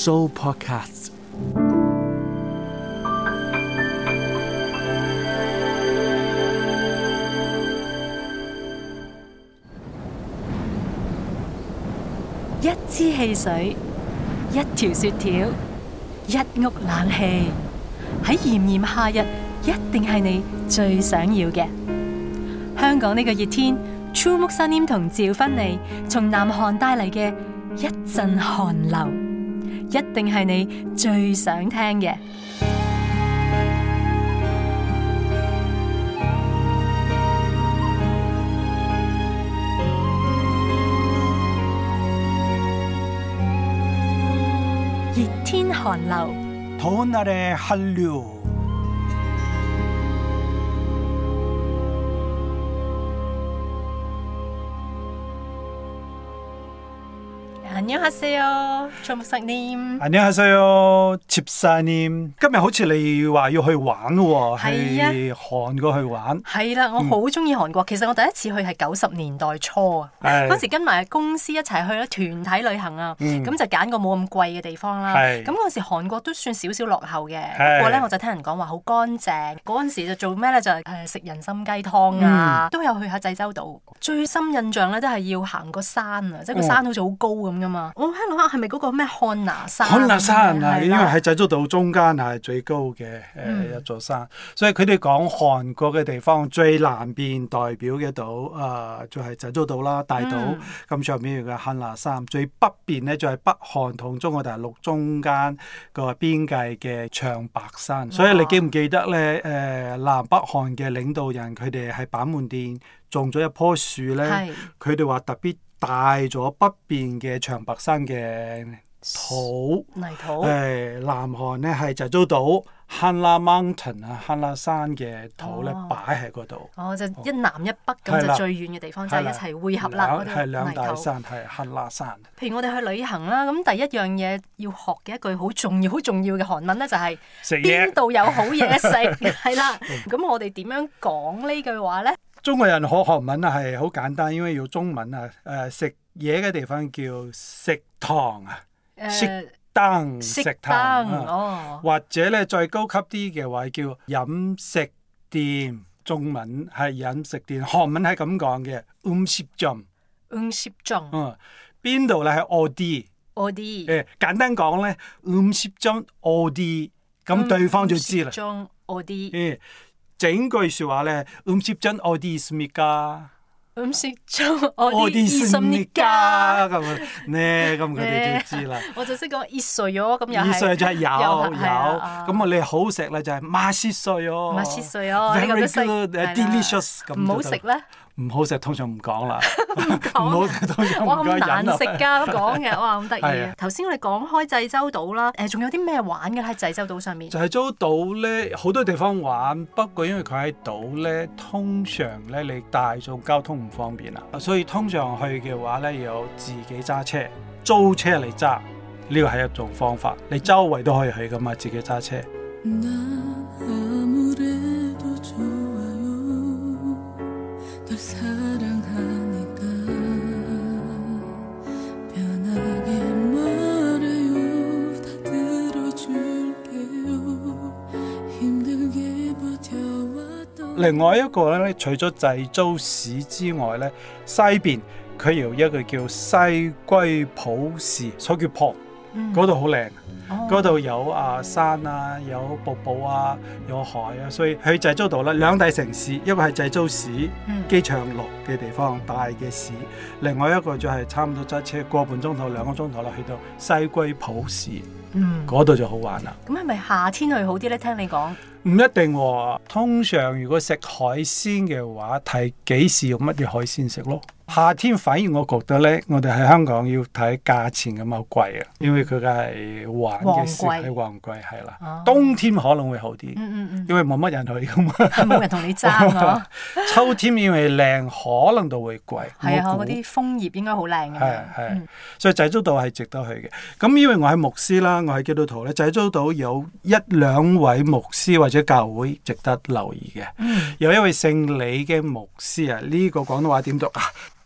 Show podcast。一支汽水，一條雪條，一屋冷氣，喺炎炎夏日，一定係你最想要嘅。香港呢個熱天，True Mountain 同趙芬妮從南韓帶嚟嘅一陣寒流。一定係你最想聽嘅《熱天寒流》。啱曬哦，全部食完。啱曬哦，切曬面。今日好似你話要去玩喎，係啊，韓國去玩。係啦，我好中意韓國。其實我第一次去係九十年代初啊，嗰時跟埋公司一齊去啦，團體旅行啊，咁就揀個冇咁貴嘅地方啦。咁嗰時韓國都算少少落後嘅，不過咧我就聽人講話好乾淨。嗰陣時就做咩咧？就誒食人參雞湯啊，都有去下濟州島。最深印象咧都係要行個山啊，即係個山好似好高咁嘅嘛。我喺度諗係咪嗰個咩漢拿山？漢拿山啊，是是的因為喺濟州島中間係最高嘅誒、呃嗯、一座山，所以佢哋講韓國嘅地方最南邊代表嘅島啊，就係、是、濟州島啦、大島，咁、嗯、上邊嘅漢拿山，最北邊咧就係、是、北韓同中國大陸中間個邊界嘅長白山。所以你記唔記得咧？誒、呃，南北韓嘅領導人佢哋喺板門店種咗一棵樹咧，佢哋話特別。大咗北邊嘅長白山嘅土，泥土，誒，南韓咧係濟州島，漢拿 Mountain 啊，漢拿山嘅土咧擺喺嗰度。哦，就一南一北咁就最遠嘅地方，就係一齊匯合啦。係兩大山，係漢拿山。譬如我哋去旅行啦，咁第一樣嘢要學嘅一句好重要、好重要嘅韓文咧，就係邊度有好嘢食，係啦。咁我哋點樣講呢句話咧？中國人學韓文啊係好簡單，因為用中文啊，誒食嘢嘅地方叫食堂啊，食燈，食堂哦。或者咧再高級啲嘅話叫飲食店，中文係飲食店，韓文係咁講嘅，음식점。음식점。嗯，邊度咧係어디。어디。誒簡單講咧，음식점어디，咁對方就知啦。음식점어디。誒。整句說話咧，唔識真愛啲意思㗎，唔識真愛啲意思㗎咁咧，咁佢哋就知啦。我就識講熱水咗，咁又係。熱水就係有有，咁啊你好食咧就係麻雪水哦，麻雪水哦，呢個都 delicious，唔好食咧。唔好食，通常唔講啦。唔講， 哇咁難食㗎，咁講嘅，哇咁得意。頭先我哋講開濟州島啦，誒、呃，仲有啲咩玩嘅喺濟州島上面？濟州島咧好多地方玩，不過因為佢喺島咧，通常咧你大眾交通唔方便啦，所以通常去嘅話咧有自己揸車、租車嚟揸，呢個係一種方法。你周圍都可以去噶嘛，自己揸車。 另外一個咧，除咗濟州市之外咧，西邊佢有一個叫西歸浦市，所以叫朴，嗯，嗰度好靚，嗰度，哦，有啊山啊，有瀑布啊，有海啊，所以去濟州島咧，兩大城市，一個係濟州市，機、嗯、場落嘅地方，大嘅市，另外一個就係差唔多揸車，車過半個半鐘頭、兩個鐘頭就去到西歸浦市，嗯，嗰度就好玩啦、啊。咁係咪夏天去好啲咧？聽你講。唔一定喎、啊，通常如果食海鮮嘅話，睇幾時用乜嘢海鮮食咯。夏天反而我覺得呢，我哋喺香港要睇價錢，咁好貴啊，因為佢嘅係旺季，係旺季係啦。冬天可能會好啲，嗯嗯嗯，因為冇乜人去啊嘛，冇人同你爭、啊、 秋天因為靚，可能就會貴。係 啊，嗰啲楓葉應該好靚啊。係係，嗯、所以濟州島係值得去嘅。咁因為我係牧師啦，我喺基督徒咧，濟州島有一兩位牧師或。或者教會值得留意嘅，嗯、有一位姓李嘅牧師啊，呢個廣東話點讀啊？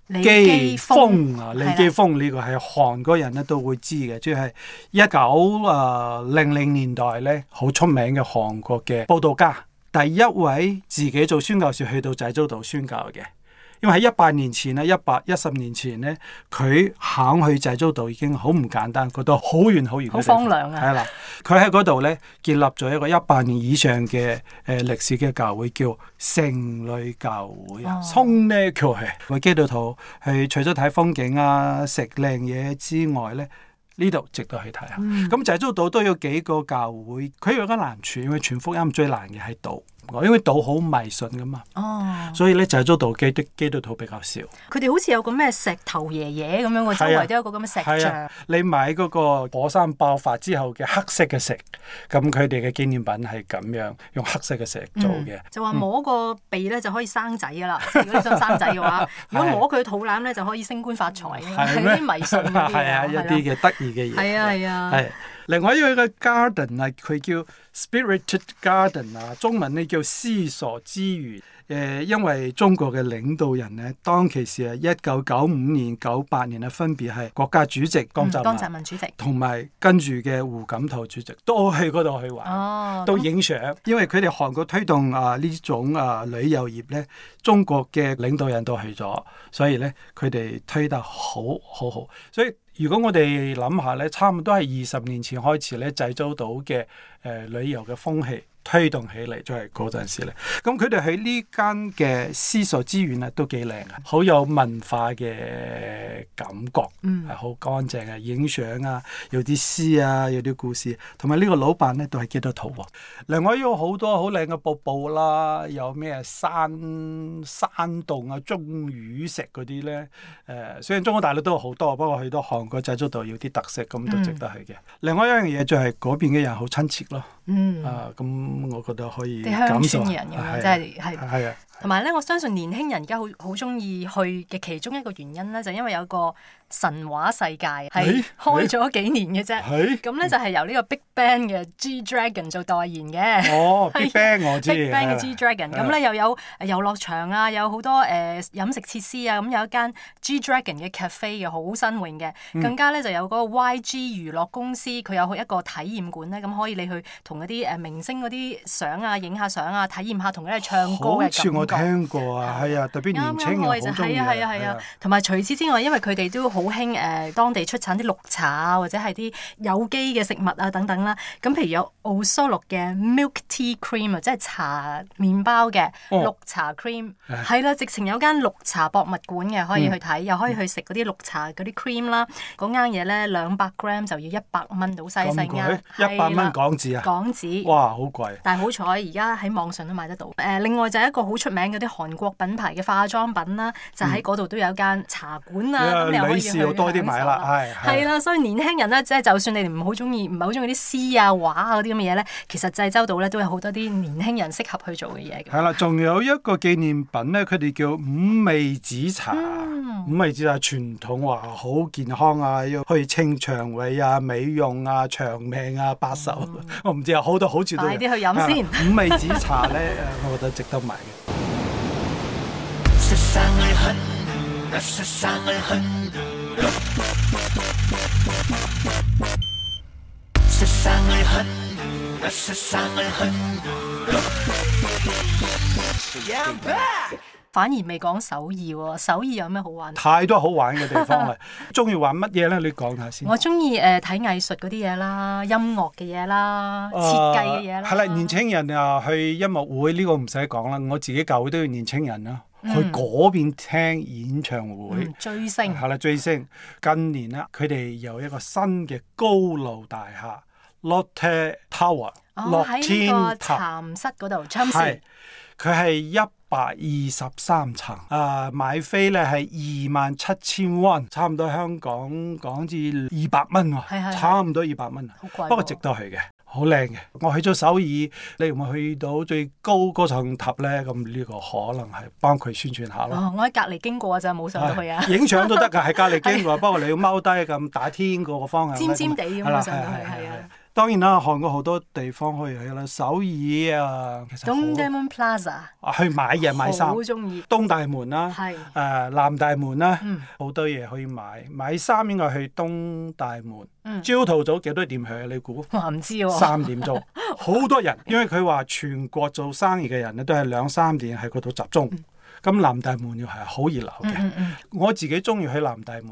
李基豐啊，李基豐呢的個係韓國人咧都會知嘅，即係一九啊零零年代咧好出名嘅韓國嘅報道家，第一位自己做宣教士去到濟州島宣教嘅。喺一百年前咧，一百一十年前咧，佢行去濟州島已經好唔簡單，去到好遠好遠嘅地方，好荒涼啊！係啦，佢喺嗰度咧建立咗一個一百年以上嘅誒歷史嘅教會，叫聖女教會。沖咧、哦，叫係為基督徒去除咗睇風景啊、食靚嘢之外咧，呢度值得去睇啊！咁濟州島都有幾個教會，佢有個難處，因為傳福音最難嘅喺度。因為島好迷信噶嘛，哦，所以咧就係咗島基督基督徒比較少。佢哋好似有個咩石頭爺爺咁樣喎，周圍都有個咁嘅石像。你買個火山爆發之後嘅黑色嘅石，咁佢哋嘅紀念品係咁樣用黑色嘅石做嘅。就話摸個鼻咧就可以生仔噶啦，如果你想生仔嘅話，如果摸佢肚腩咧就可以升官發財，係啲迷信。係啊，一啲嘅得意嘅嘢。係啊係啊，係，另外因為個 garden 啊，佢叫 Spirited Garden 啊，中文咧叫。叫思索之餘，誒、呃，因為中國嘅領導人咧，當其時啊，一九九五年、九八年啊，分別係國家主席江澤民、嗯，江澤民主席，同埋跟住嘅胡錦濤主席都去嗰度去玩，哦、都影相。因為佢哋韓國推動啊呢種啊旅遊業咧，中國嘅領導人都去咗，所以咧佢哋推得好好好。所以如果我哋諗下咧，差唔多係二十年前開始咧製造到嘅誒、呃、旅遊嘅風氣。推動起嚟，就係嗰陣時咧。咁佢哋喺呢間嘅思索之園咧，都幾靚啊，好有文化嘅感覺，係好、嗯啊、乾淨嘅，影相啊，有啲詩啊，有啲故事。同埋呢個老闆咧，都係幾多圖。另外有好多好靚嘅瀑布啦，有咩山山洞啊、鐘乳石嗰啲咧。誒，雖然中國大陸都有好多，不過去到韓國濟州度，有啲特色，咁都值得去嘅。另外一樣嘢就係嗰邊嘅人好親切咯。嗯，啊咁。咁我覺得可以感受下，係係啊。同埋咧，我相信年輕人而家好好中意去嘅其中一個原因咧，就是、因為有個神話世界係、欸、開咗幾年嘅啫。咁咧、欸、就係、是、由呢個 BigBang 嘅 G Dragon 做代言嘅。哦 ，BigBang 嘅 Big G Dragon。咁咧又有遊樂場啊，有好多誒、呃、飲食設施啊。咁有一間 G Dragon 嘅 cafe 嘅，好新穎嘅。更加咧、嗯、就有嗰個 YG 娛樂公司，佢有一個體驗館咧，咁可以你去同嗰啲誒明星嗰啲相啊，影下相啊，體驗下同佢哋唱歌嘅。聽過啊，係啊，特別年青人好中意佢。同埋除此之外，因為佢哋都好興誒，當地出產啲綠茶啊，或者係啲有機嘅食物啊等等啦。咁譬如有奧蘇六嘅 milk tea cream 啊，即係茶麵包嘅綠茶 cream。係啦，直情有間綠茶博物館嘅，可以去睇，又可以去食嗰啲綠茶嗰啲 cream 啦。嗰間嘢咧，兩百 gram 就要一百蚊，到細細間。一百蚊港紙啊！港紙。哇！好貴。但係好彩，而家喺網上都買得到。誒，另外就係一個好出名嗰啲韓國品牌嘅化妝品啦，就喺嗰度都有間茶館啊，咁你又可以買啦。係係啦，所以年輕人咧，即係就算你唔好中意，唔係好中意啲詩啊畫啊嗰啲咁嘅嘢咧，其實濟州島咧都有好多啲年輕人適合去做嘅嘢。係啦，仲有一個紀念品咧，佢哋叫五味子茶，五味子啊，傳統話好健康啊，可以清腸胃啊、美容啊、長命啊、八壽。我唔知有好多好處。快啲去飲先。五味子茶咧，我覺得值得買嘅。反而未講首爾喎，首爾有咩好玩？太多好玩嘅地方啦，中意玩乜嘢咧？你講下先。我中意誒睇藝術嗰啲嘢啦，音樂嘅嘢啦，設計嘅嘢啦。係啦，年青人啊，去音樂會呢個唔使講啦，我自己教會都要年青人啦。嗯、去嗰邊聽演唱會，嗯、追星係啦、嗯，追星。近年啦，佢哋有一個新嘅高樓大廈，Lotte Tower，喺、哦、天個蠶室嗰度。係，佢係一百二十三層。啊、呃，買飛咧係二萬七千蚊，27, won，差唔多香港港紙二百蚊喎，係係差唔多二百蚊啊。好貴啊。不過值得去嘅。好靚嘅，我去咗首爾，你有冇去到最高嗰層塔咧？咁呢個可能係幫佢宣傳下咯。哦，我喺隔離經過啊，就冇上到去啊。影相都得㗎，喺隔離經過，不過 是你要踎低咁打天嗰個方向。 尖尖地咁上到去，係啊。當然啦，韓國好多地方可以去啦，首爾啊，東大門 plaza 去買嘢買衫，好中意東大門啦，誒、呃、南大門啦、啊，好、嗯、多嘢可以買。買衫應該去東大門。朝頭、嗯、早幾多點去啊？你估？我唔知喎。三點鐘，好 多人，因為佢話全國做生意嘅人咧，都係兩三點喺嗰度集中。嗯咁南大門要係好熱鬧嘅，嗯嗯嗯，我自己中意去南大門，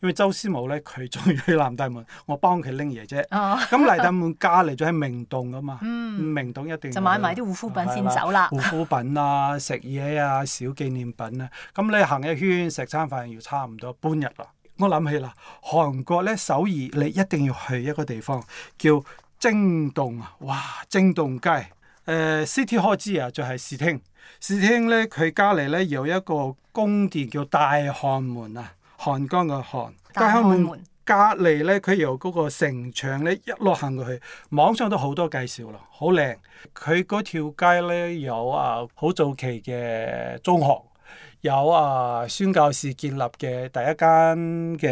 因為周師母咧佢中意去南大門，我幫佢拎嘢啫。咁南、哦、 大門隔離咗喺明洞啊嘛，嗯、明洞一定就買埋啲護膚品先走啦。護膚品啊，食嘢啊，小紀念品啊。咁、 啊啊啊、你行一圈食餐飯要差唔多半日啦。我諗起啦，韓國咧首爾你一定要去一個地方叫蒸洞啊，哇，蒸洞街。誒 City Hall 開支啊，呃、s, 就係市廳。市廳咧，佢隔離咧有一個宮殿叫大漢門啊，漢江嘅漢。大漢門隔離咧，佢由嗰個城牆咧，一路行過去，網上都好多介紹咯，好靚。佢嗰條街咧有啊，好早期嘅中學。有啊，宣教士建立嘅第一間嘅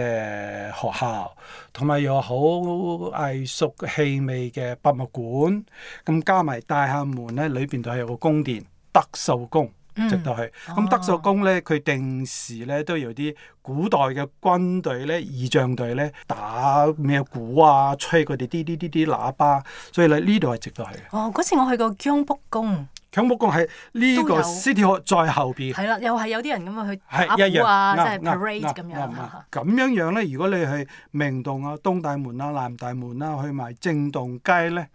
學校，同埋又好藝術氣味嘅博物館。咁加埋大廈門咧，裏邊都係有個宮殿德壽宮，嗯、值得去。咁、啊、德壽宮咧，佢定時咧都有啲古代嘅軍隊咧，儀仗隊咧打咩鼓啊，吹佢哋啲啲啲啲喇叭。所以咧呢度係值得去。哦，嗰次我去過江北宮。佢目標係呢個 City Hall 在後邊。係啦，又係有啲人咁啊，去阿古啊，即係 parade 咁樣嚇。咁樣樣咧，如果你去明洞啊、東大門啊、南大門啦，去埋正洞街咧，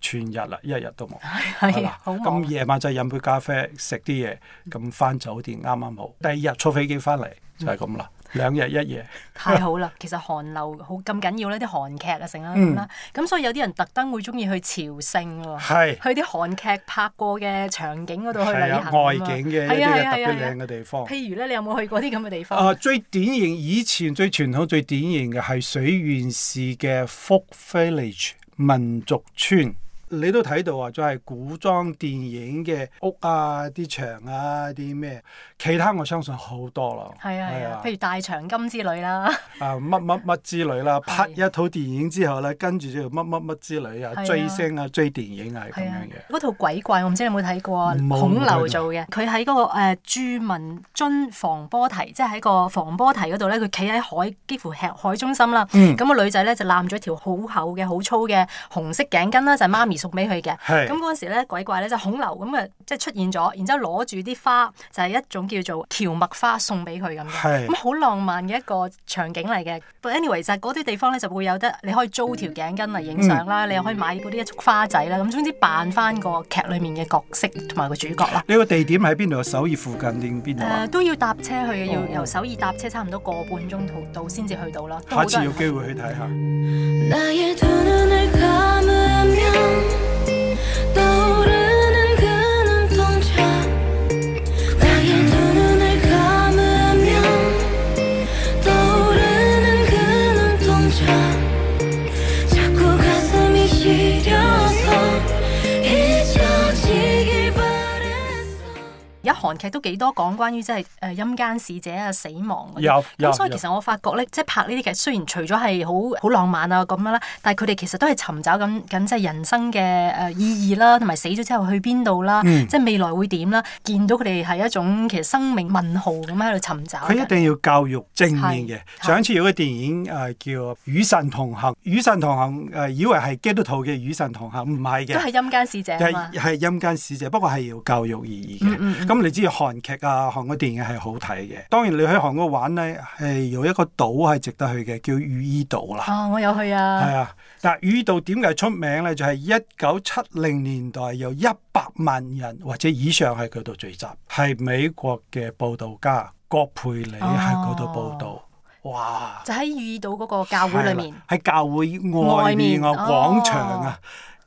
全日啦，一日都冇。係啊，咁夜晚就飲杯咖啡，食啲嘢，咁翻酒店啱啱好。第二日坐飛機翻嚟就係咁啦。兩日一夜太好啦！ 其實韓流好咁緊要，呢啲韓劇啊成啦咁，嗯、所以有啲人特登會鍾意去朝聖喎，是去啲韓劇拍過嘅場景嗰度去旅行，啊、外景嘅呢啲特別靚嘅地方。啊啊啊啊、譬如咧，你有冇去過啲咁嘅地方啊？最典型以前最傳統最典型嘅係水原市嘅 folk village 民族村。你都睇到啊，就係古裝電影嘅屋啊、啲牆啊、啲咩，其他我相信好多咯。係啊係啊，啊譬如大長今之類啦。啊，乜乜乜之類啦，啊、拍一套電影之後咧，跟住就乜乜乜之類啊，啊追星啊，追電影啊咁樣嘅。嗰套鬼怪我唔知你有冇睇過？孔劉有做嘅，佢喺嗰個誒、呃、注文津防波堤，即係喺個防波堤嗰度咧，佢企喺海，幾乎係海中心啦。嗯。咁個女仔咧就攬咗一條好厚嘅、好粗嘅紅色頸巾啦，就係媽咪。送俾佢嘅，咁嗰是、嗯、時咧，鬼怪咧就恐流，咁嘅，即係出現咗，然之後攞住啲花，就係、是、一種叫做蕎麥花送俾佢咁樣，咁好是、嗯、浪漫嘅一個場景嚟嘅。But、anyway，就係嗰啲地方咧就會有得你可以租條頸巾嚟影相啦，嗯嗯、你又可以買嗰啲一束花仔啦，咁總之扮翻個劇裏面嘅角色同埋個主角啦。呢個地點喺邊度？首爾附近定邊度？都要搭車去嘅，要由首爾搭車差唔多個半鐘途到先至去到啦。下次有機會去睇下。 嗯韓劇都幾多講關於即係誒陰間使者啊、死亡咁，咁有所以其實我發覺咧，即係有拍呢啲劇，雖然除咗係好好浪漫啊咁樣啦，但係佢哋其實都係尋找緊緊即係人生嘅誒意義啦，同埋死咗之後去邊度啦，嗯、即係未來會點啦，見到佢哋係一種其實生命問號咁喺度尋找。佢一定要教育正面嘅。上一次有個電影誒、呃、叫《與神同行》，《與神同行》誒以為係基督徒嘅《與神同行》呃，唔係嘅，都係陰間使者啊嘛，係陰間使者，不過係要教育意義嘅。咁。你知韓劇啊，韓國電影係好睇嘅。當然你去韓國玩呢，係有一個島係值得去嘅，叫汝矣島啦、哦。我有去啊。係啊，但汝矣島點解出名呢？就係一九七零年代有一百萬人或者以上喺嗰度聚集，係美國嘅佈道家葛培理喺嗰度佈道。哦、哇！就喺汝矣島嗰個教會裏面。喺、啊、教會外面嘅、啊哦、廣場啊！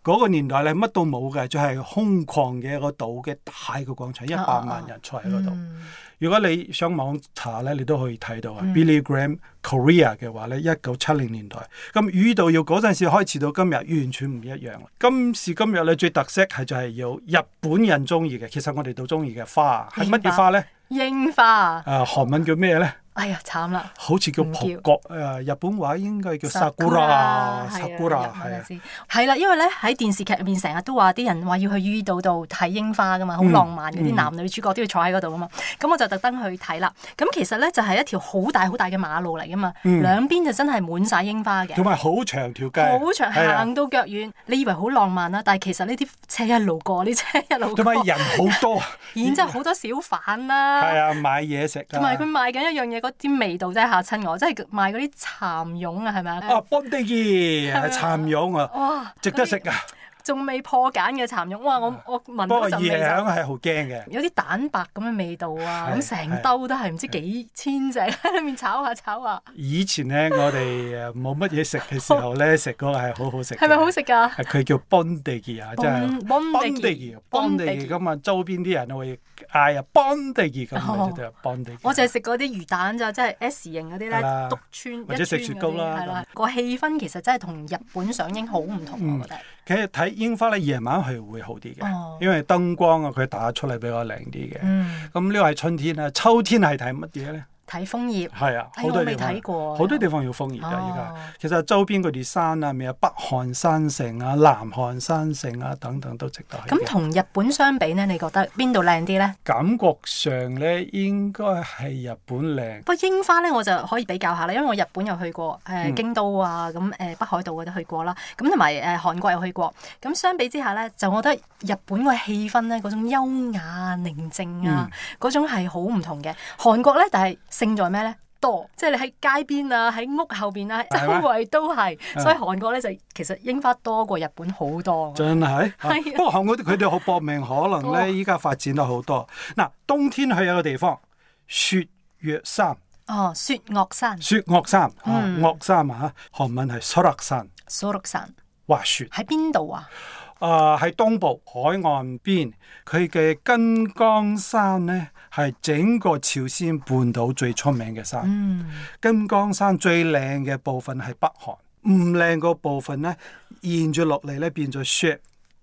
嗰個年代咧，乜都冇嘅，就係空曠嘅一個島嘅大個廣場，一百、啊、萬人坐喺嗰度。嗯、如果你上網查咧，你都可以睇到啊。嗯、Billy Graham Korea 嘅話咧，一九七零年代，咁與度要嗰陣時開始到今日，完全唔一樣。今時今日咧，最特色係就係有日本人中意嘅，其實我哋都中意嘅花，係乜嘢花咧？櫻花。誒花、呃，韓文叫咩咧？花哎呀，慘啦！好似叫葡角誒，日本話應該叫 Sakura 啊，Sakura 係啊，係啦，因為咧喺電視劇入面成日都話啲人話要去伊豆度睇櫻花噶嘛，好浪漫嘅啲男女主角都要坐喺嗰度噶嘛，咁我就特登去睇啦。咁其實咧就係一條好大好大嘅馬路嚟噶嘛，兩邊就真係滿晒櫻花嘅，同埋好長條街，好長行到腳軟。你以為好浪漫啦，但係其實呢啲車一路過，呢車一路過，同埋人好多，然之後好多小販啦，係啊，買嘢食，同埋佢賣緊一樣嘢。嗰啲味道真係嚇親我，即係賣嗰啲蠶蛹啊，係咪 啊？哇啊，邦爹兒係蠶蛹啊，哇，值得食㗎！仲未破繭嘅蠶蛹，哇！我我聞嗰陣味就係好驚嘅，有啲蛋白咁嘅味道啊！咁成兜都係唔知幾千隻喺裏面炒下炒下。以前咧，我哋誒冇乜嘢食嘅時候咧，食嗰個係好好食。係咪好食㗎？佢叫 bondegi，真係 bondegi 咁啊！周邊啲人會嗌啊 bondegi 咁樣，就叫 bondegi。我就係食嗰啲魚蛋咋，即係 S 型嗰啲咧，篤穿或者食雪糕啦，個氣氛其實真係同日本上映好唔同，我覺得。其實睇櫻花咧，夜晚係會好啲嘅，oh. 因為燈光啊，佢打出嚟比較靚啲嘅。咁呢個係春天啦，秋天係睇乜嘢咧？睇楓葉，係啊，好、哎、多地方好多地方有楓葉㗎、啊。依家、啊、其實周邊嗰啲山啊，咩啊，北漢山城啊、南漢山城啊等等都值得去。咁同日本相比呢，你覺得邊度靚啲呢？感覺上呢，應該係日本靚。不過櫻花呢，我就可以比較下啦，因為我日本有去過，誒、呃、京都啊，咁、呃、誒北海道我都去過啦。咁同埋誒韓國有去過。咁相比之下呢，就我覺得日本個氣氛呢，嗰種優雅啊、寧靜啊，嗰種係好唔同嘅。嗯、韓國呢，但係。正在咩咧？多，即係你喺街邊啊，喺屋後邊啊，周圍嗎都係，所以韓國咧就其實櫻花多過日本好多。真係是、 啊，不過韓國佢哋好搏命，可能咧依家發展得好多。嗱、啊，冬天去有個地方，雪岳山。哦，雪岳山。雪岳山，嗯、岳山啊，韓文係소록산。소록山？Sorok 山。滑雪喺邊度啊？啊、呃，喺東部海岸邊，佢嘅金剛山咧。係整個朝鮮半島最出名嘅山，嗯、金剛山最靚嘅部分係北韓，唔靚個部分咧，沿住落嚟咧變咗雪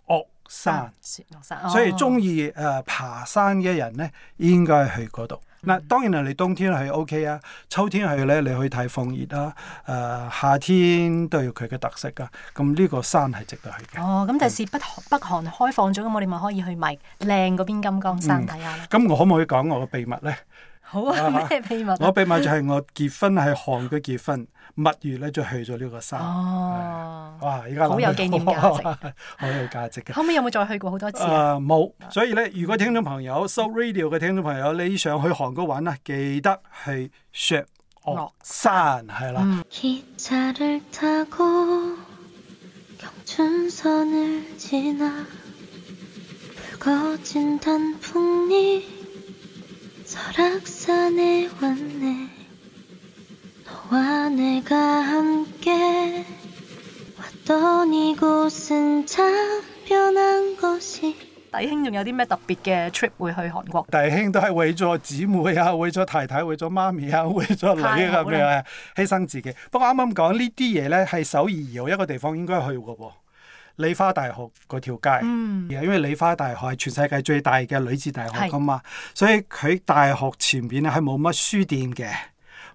岳山，雪岳山，哦、所以中意誒爬山嘅人咧，應該去嗰度。嗱，嗯、當然啦，你冬天係 OK 啊，秋天係咧你去睇放熱啦，啊，誒、呃、夏天都有佢嘅特色啊。咁呢個山係值得去嘅。哦，咁第時北北韓開放咗咁，我哋咪可以去埋靚嗰邊金剛山睇下。咁我可唔可以講我個秘密咧？好啊！咩、啊、秘密、啊？我秘密就係我結婚係韓國結婚，蜜月咧就去咗呢個山。哦、啊，哇！而家好有紀念價值，好有價值嘅。後尾有冇再去過好多次啊？冇。所以咧，如果聽眾朋友 So Radio 嘅聽眾朋友，你想去韓國玩啊，記得去 s h a 雪岳山係啦。弟兄仲有啲咩特別嘅 trip 會去韓國？弟兄都係為咗姊妹啊，為咗太太，為咗媽咪啊，為咗女啊咁樣、啊、犧牲自己。不過啱啱講呢啲嘢咧，係首爾有一個地方應該去嘅喎。理化大學嗰條街，嗯、因為理化大學係全世界最大嘅女子大學㗎嘛，是所以佢大學前邊咧係冇乜書店嘅。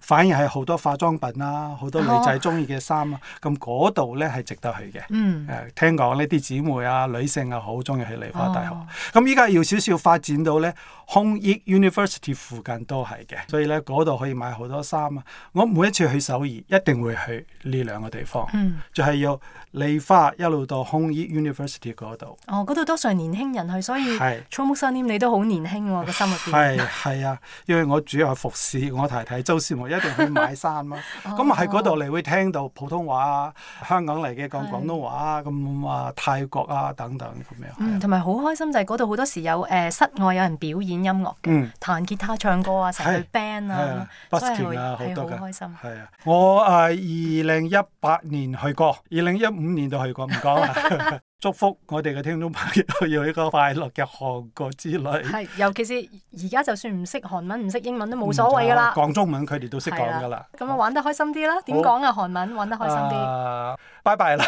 反而係好多化妝品啦、啊，好多女仔中意嘅衫啊，咁嗰度咧係值得去嘅。誒，mm. 聽講呢啲姊妹啊，女性啊好中意去梨花大學。咁依家要少少發展到咧，弘益 University 附近都係嘅，所以咧嗰度可以買好多衫啊。我每一次去首爾，一定會去呢兩個地方，mm. 就係要梨花一路到弘益 University 嗰度。哦，嗰度多數年輕人去，所以草木森林你都好年輕喎、啊，個心入邊。係係 啊，因為我主要係服侍，我太太。周師一定去買衫咯，咁喺嗰度你會聽到普通話啊，香港嚟嘅講廣東話啊，咁啊泰國啊等等咁樣。嗯，同埋好開心就係嗰度好多時有誒室外有人表演音樂嘅，彈吉他唱歌啊，成日去 band 啊，真係係好開心。係啊，我誒二零一八年去過，二零一五年就去過，唔講啦。祝福我哋嘅聽眾朋友要一個快樂嘅韓國之旅。係，尤其是而家就算唔識韓文、唔識英文都冇所謂㗎啦。講中文佢哋都識講㗎啦。咁啊，玩得開心啲啦！點講啊，韓文玩得開心啲。拜拜啦！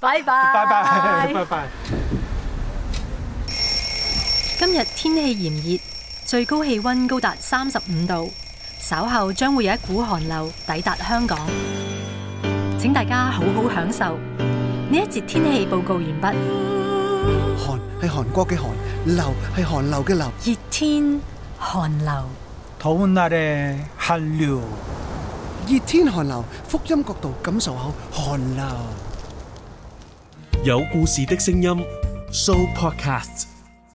拜拜拜拜拜拜。Bye bye, bye bye。今日天氣炎熱，最高氣温高達三十五度，稍後將會有一股寒流抵達香港。請大家好好享受。呢一節天氣報告完畢。寒係韓國嘅寒，流係寒流嘅流。熱天寒流。熱天寒流。熱天寒流，福音角度感受下寒流。有故事的聲音，Show Podcast。